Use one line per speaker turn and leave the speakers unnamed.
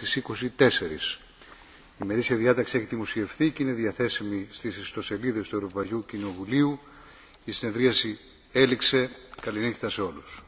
της 24. Η μερίσια διάταξη έχει δημοσιευθεί και είναι διαθέσιμη στις ιστοσελίδες του Ευρωπαϊκού Κοινοβουλίου. Η συνεδρίαση έληξε. Καληνύχτα
σε όλους.